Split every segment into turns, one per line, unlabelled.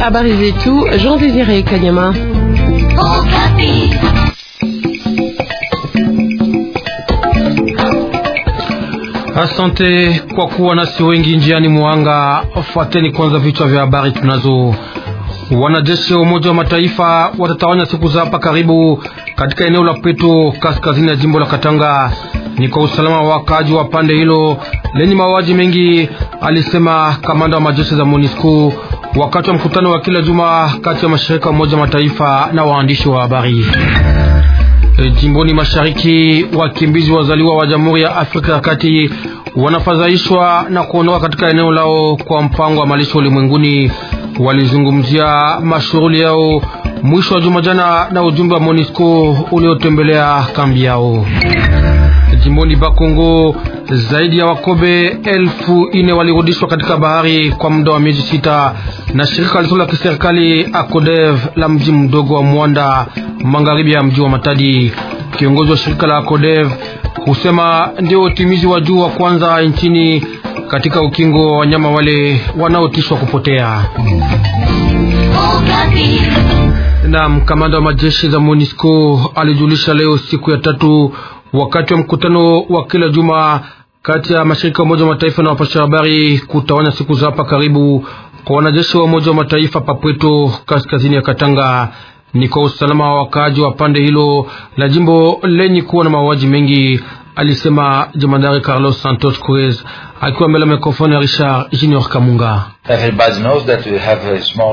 Habari zetu Jean Désiré Kanyama.
Asante kwa kuwa nasi wengi njiani mwanga. Fuateni kwanza vichwa vya habari tunazo. Wanajeshi wa Umoja wa Mataifa watatawanya siku za hapa karibu katika eneo la Pweto kaskazini ya jimbo la Katanga ni kwa usalama wa wakaaji wa pande hilo lenye mauaji mengi, alisema kamanda wa majeshi za MONUSCO wakati wa mkutano wa kila juma kati ya mashirika Umoja Mataifa na waandishi wa habari. E, jimboni mashariki, wakimbizi wazaliwa wa Jamhuri ya Afrika ya Kati wanafadhaishwa na kuondoka katika eneo lao kwa mpango wa malisho ulimwenguni. Walizungumzia mashughuli yao mwisho wa juma jana na ujumbe wa MONUSCO uliotembelea kambi yao jimboni Bakongo, zaidi ya Wakobe elfu ine walirudishwa katika bahari kwa muda wa miezi sita na shirika lisilo la kiserikali Akodev la mji mdogo wa Mwanda magharibi ya mji wa Matadi. Kiongozi wa shirika la Akodev husema ndio utimizi wa juu wa kwanza nchini katika ukingo wa wanyama wale wanaotishwa kupotea. Naam, kamanda wa majeshi za MONUSCO alijulisha leo siku ya tatu wakati wa mkutano wa kila juma kati ya mashirika ya Umoja wa Mataifa na wapasha habari kutawanya siku za hapa karibu kwa wanajeshi wa Umoja wa Mataifa papweto kaskazini ya Katanga ni kwa usalama wa wakaaji wa pande hilo la jimbo lenye kuwa na mauaji mengi, alisema jemadari Carlos Santos Cruz akiwa mbele ya mikrofoni ya Richard Junior Kamunga.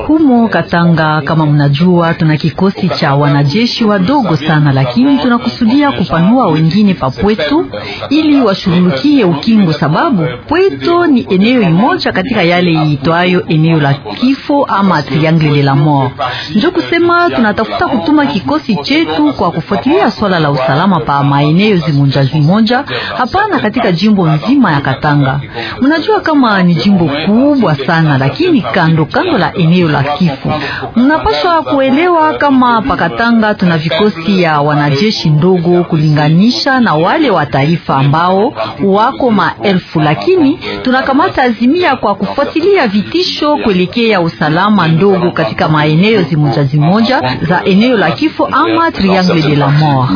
Humo Katanga, kama
mnajua, tuna kikosi cha wanajeshi wadogo sana, lakini tunakusudia kupanua wengine
papwetu ili washughulikie ukingo, sababu Pweto ni eneo imoja katika yale iitwayo eneo la kifo ama triangle de la mort. Njo kusema tunatafuta kutuma kikosi chetu kwa kufuatilia swala la usalama pa maeneo zimonja zimoja, hapana katika jimbo nzima ya Katanga. Mnajua kama ni jimbo kubwa sana, lakini kando kando la eneo la Kifu, Mnapaswa kuelewa kama Pakatanga tuna vikosi ya wanajeshi ndogo kulinganisha na wale wa taifa ambao wako maelfu, lakini tunakamata azimia kwa kufuatilia vitisho kuelekea usalama ndogo katika maeneo zimoja zimoja za eneo la kifu ama triangle de la mort.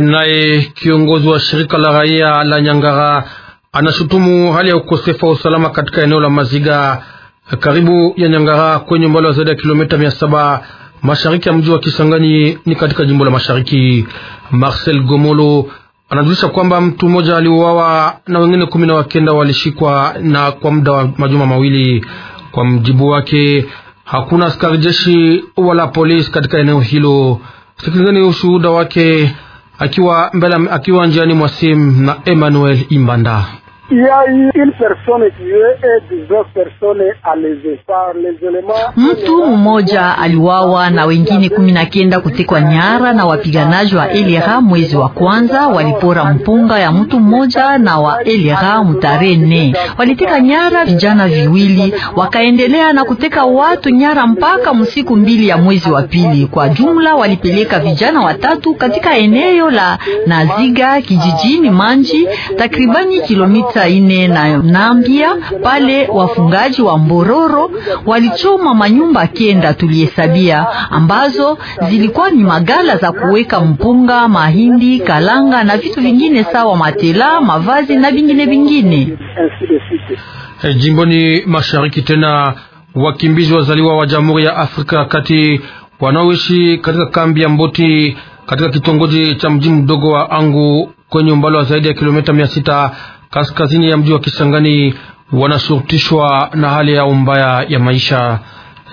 Naye kiongozi wa shirika la raia la Nyangara anashutumu hali ya ukosefu wa usalama katika eneo la Maziga karibu ya Nyangara kwenye umbali wa zaidi ya kilomita mia saba mashariki ya mji wa Kisangani ni katika jimbo la Mashariki. Marcel Gomolo anajulisha kwamba mtu mmoja aliuawa na wengine kumi na wakenda walishikwa na kwa muda wa majuma mawili. Kwa mjibu wake, hakuna askari jeshi wala polisi katika eneo hilo. Sikilizeni ushuhuda wake akiwa, mbele, akiwa njiani mwa simu na Emmanuel Imbanda.
Il y a eu une personne tuée et 19 personnes alewe par les éléments.
Mtu mmoja aliwawa na wengine kumi na kenda kutekwa nyara na wapiganaji wa Elira mwezi wa kwanza. Walipora mpunga ya mtu mmoja na wa Elira mtarehe nne, waliteka nyara vijana viwili, wakaendelea na kuteka watu nyara mpaka msiku mbili ya mwezi wa pili. Kwa jumla walipeleka vijana watatu katika eneo la Naziga kijijini Manji, takribani kilomita ine na Nambia pale wafungaji wa Mbororo walichoma manyumba kenda tuliyesabia ambazo zilikuwa ni magala za kuweka mpunga, mahindi, kalanga na vitu vingine sawa matela, mavazi na vingine vingine.
Hey, eh, jimboni mashariki tena wakimbizi wazaliwa wa Jamhuri ya Afrika Kati wanaoishi katika kambi ya Mboti katika kitongoji cha mji mdogo wa Angu kwenye umbali wa zaidi ya kilomita mia sita kaskazini ya mji wa Kisangani wanashurutishwa na hali yao mbaya ya maisha.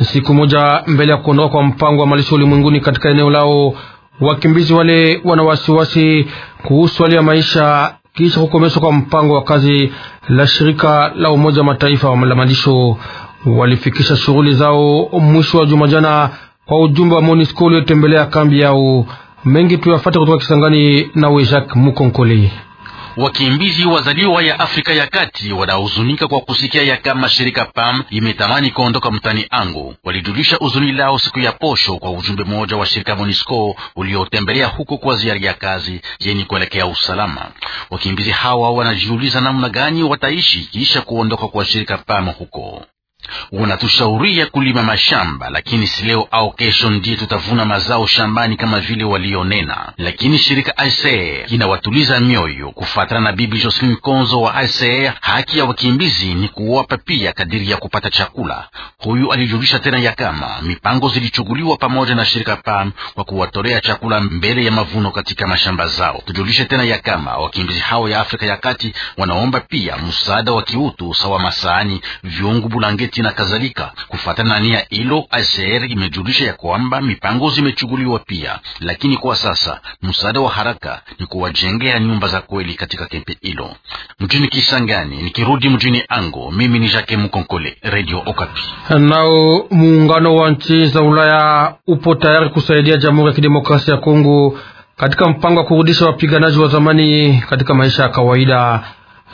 Siku moja mbele ya kuondoka kwa mpango wa malisho ulimwenguni katika eneo lao, wakimbizi wale wana wasiwasi kuhusu hali ya maisha kisha kukomeshwa kwa mpango wa kazi la shirika la Umoja Mataifa la malisho. Walifikisha shughuli zao mwisho wa juma jana kwa ujumbe wa MONUSCO uliotembelea kambi yao. Mengi tuyafate kutoka Kisangani na Jacques Mukonkoli.
Wakimbizi wazaliwa ya Afrika ya Kati wanahuzunika kwa kusikia ya kama shirika PAM imetamani kuondoka mtani angu. Walijulisha huzuni lao siku ya posho kwa ujumbe mmoja wa shirika MONUSCO uliotembelea huko kwa ziara ya kazi yenye kuelekea usalama. Wakimbizi hawa wanajiuliza namna gani wataishi kisha kuondoka kwa shirika PAM huko wanatushauria kulima mashamba, lakini si leo au kesho ndiye tutavuna mazao shambani kama vile walionena. Lakini shirika ICR e inawatuliza mioyo. Kufatana na Bibi Jocelyn Konzo wa ICR, e haki ya wakimbizi ni kuwapa pia kadiri ya kupata chakula. Huyu alijulisha tena ya kama mipango zilichukuliwa pamoja na shirika PAM kwa kuwatolea chakula mbele ya mavuno katika mashamba zao. Tujulishe tena ya kama wakimbizi hao ya Afrika ya Kati wanaomba pia msaada wa kiutu sawa masaani, viungu, bulangeti bajeti na kadhalika. Kufuatana na nia hilo, ACR imejulisha ya kwamba mipango zimechuguliwa pia, lakini kwa sasa msaada wa haraka ni kuwajengea nyumba za kweli katika kempe hilo mjini Kisangani. Nikirudi mjini Ango, mimi ni Jake Mkonkole, Radio Okapi.
Nao muungano wa nchi za Ulaya upo tayari kusaidia Jamhuri ya Kidemokrasia ya Kongo katika mpango wa kurudisha wapiganaji wa zamani katika maisha ya kawaida.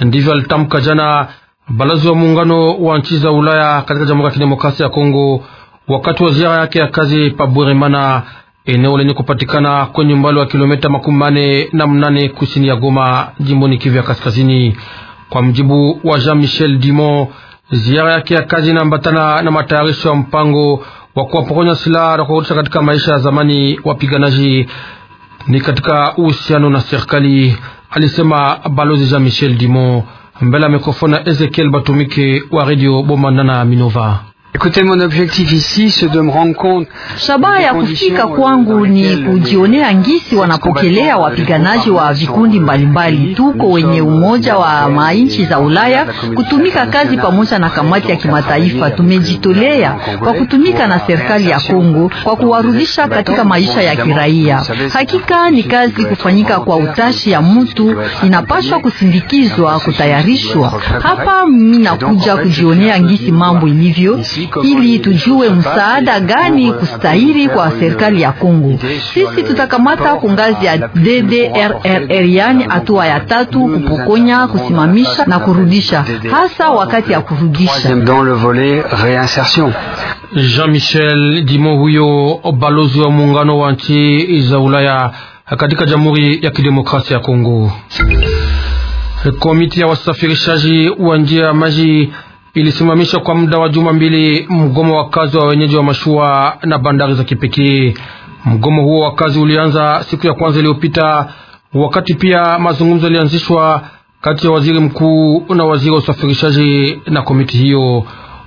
Ndivyo alitamka jana Balozi wa muungano wa nchi za Ulaya katika Jamhuri ya Kidemokrasia ya Kongo wakati wa ziara yake ya kazi pa Bweremana, eneo lenye kupatikana kwenye umbali wa kilomita makumi mane na mnane kusini ya Goma, jimboni Kivu ya Kaskazini. Kwa mjibu wa Jean Michel Dumont, ziara yake ya kazi inaambatana na matayarisho ya mpango wa kuwapokonya silaha na kuwarudisha katika maisha ya zamani wapiganaji ni katika uhusiano na serikali, alisema balozi Jean Michel Dumont mbele ya mikrofoni ya Ezekiel Batumike wa Radio Bomandana Minova.
Shabaha ya kufika euh, kwangu ni kujionea ngisi wanapokelea euh, wapiganaji wa vikundi euh, mbalimbali. Tuko wenye umoja wa mainchi za Ulaya kutumika kazi pamoja na kamati ya kimataifa. Tumejitolea kwa kutumika na serikali ya Kongo kwa kuwarudisha katika maisha ya kiraia. Hakika ni kazi kufanyika kwa utashi ya mtu, inapaswa kusindikizwa, kutayarishwa. Hapa mimi nakuja kujionea ngisi mambo ilivyo ili tujue msaada gani kustahili kwa serikali ya Kongo. Sisi tutakamata kungazi ya DDRR, yani hatua ya tatu, kupokonya, kusimamisha na kurudisha, hasa wakati ya kurudisha.
Jean-Michel Dimo huyo balozi wa muungano wa nchi za Ulaya katika Jamhuri ya Kidemokrasia ya Kongo. Komiti ya wasafirishaji wa njia maji ilisimamisha kwa muda wa juma mbili mgomo wa kazi wa wenyeji wa mashua na bandari za kipekee. Mgomo huo wa kazi ulianza siku ya kwanza iliyopita, wakati pia mazungumzo yalianzishwa kati ya waziri mkuu na waziri wa usafirishaji na komiti hiyo.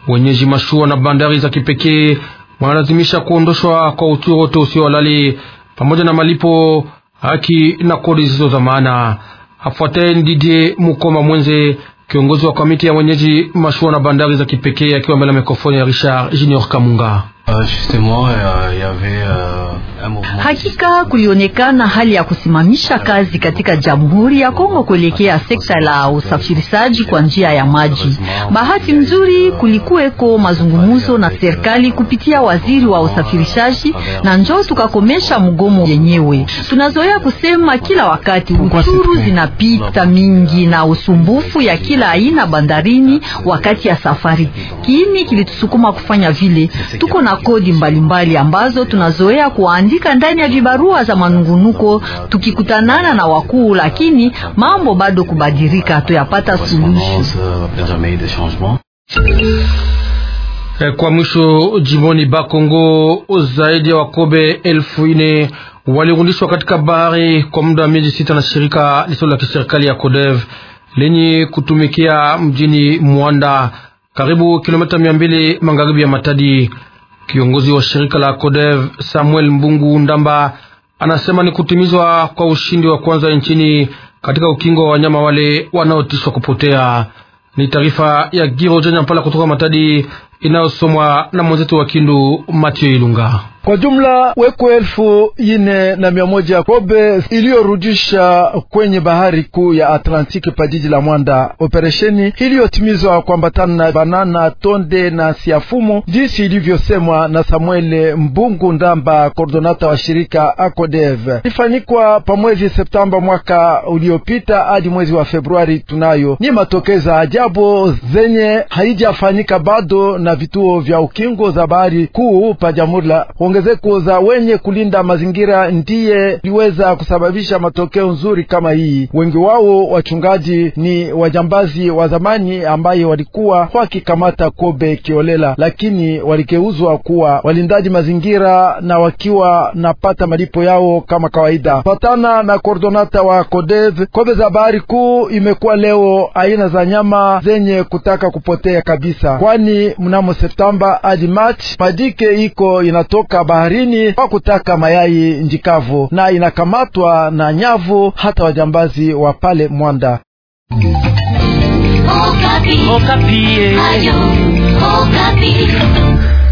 Wenyeji mashua na bandari za kipekee wanalazimisha kuondoshwa kwa utio wote usio halali pamoja na malipo, haki na kodi zisizo za maana. Afuataye Didie Mukoma Mwenze Kiongozi wa kamiti ya mwenyeji mashua na bandari za kipekee akiwa mbele ya mikrofoni ya Richard Junior Kamunga. Euh, euh,
euh,
Hakika kulionekana hali ya kusimamisha kazi katika Jamhuri ya Kongo kuelekea sekta la usafirishaji kwa njia ya maji. Bahati nzuri, kulikuweko mazungumzo na serikali kupitia waziri wa usafirishaji, na njoo tukakomesha mgomo yenyewe. Tunazoea kusema kila wakati ushuru zinapita mingi na usumbufu ya kila aina bandarini wakati ya safari. Kiini kilitusukuma kufanya vile, tuko na kodi mbalimbali mbali ambazo tunazoea kuandika ndani ya vibarua za manungunuko tukikutanana na wakuu, lakini mambo bado kubadilika, tuyapata suluhisho
eh, kwa mwisho. Jimboni Bakongo, zaidi ya wakobe elfu ine walirudishwa katika bahari kwa muda wa miezi sita na shirika lisilo la kiserikali ya Kodev lenye kutumikia mjini Mwanda, karibu kilomita mia mbili magharibi ya Matadi. Kiongozi wa shirika la Kodev Samuel Mbungu Ndamba anasema ni kutimizwa kwa ushindi wa kwanza nchini katika ukingo wa wanyama wale wanaotishwa kupotea. Ni taarifa ya Giro Jenya Mpala kutoka Matadi inayosomwa na mwenzetu wa Kindu Mathieu Ilunga
kwa jumla weko elfu ine na mia moja kobe iliyorudisha kwenye bahari kuu ya Atlantiki pa jiji la Mwanda. Operesheni iliyotimizwa kuambatana na Banana Tonde na Siafumu jinsi ilivyosemwa na Samuel Mbungu Ndamba, kordonata wa shirika Akodev. Ilifanyikwa pa mwezi Septemba mwaka uliopita hadi mwezi wa Februari. Tunayo ni matokeza ajabu zenye haijafanyika bado na vituo vya ukingo za bahari kuu pa jamhuri la ongezeko za wenye kulinda mazingira ndiye liweza kusababisha matokeo nzuri kama hii. Wengi wao wachungaji ni wajambazi wa zamani ambaye walikuwa wakikamata kobe kiolela, lakini walikeuzwa kuwa walindaji mazingira na wakiwa napata malipo yao kama kawaida. Patana na kordonata wa Kodev, kobe za bahari kuu imekuwa leo aina za nyama zenye kutaka kupotea kabisa, kwani mnamo Septemba hadi Machi majike iko inatoka baharini kwa kutaka mayai njikavu, na inakamatwa na nyavu hata wajambazi wa pale Mwanda.
Okapi. Okapi.
Okapi.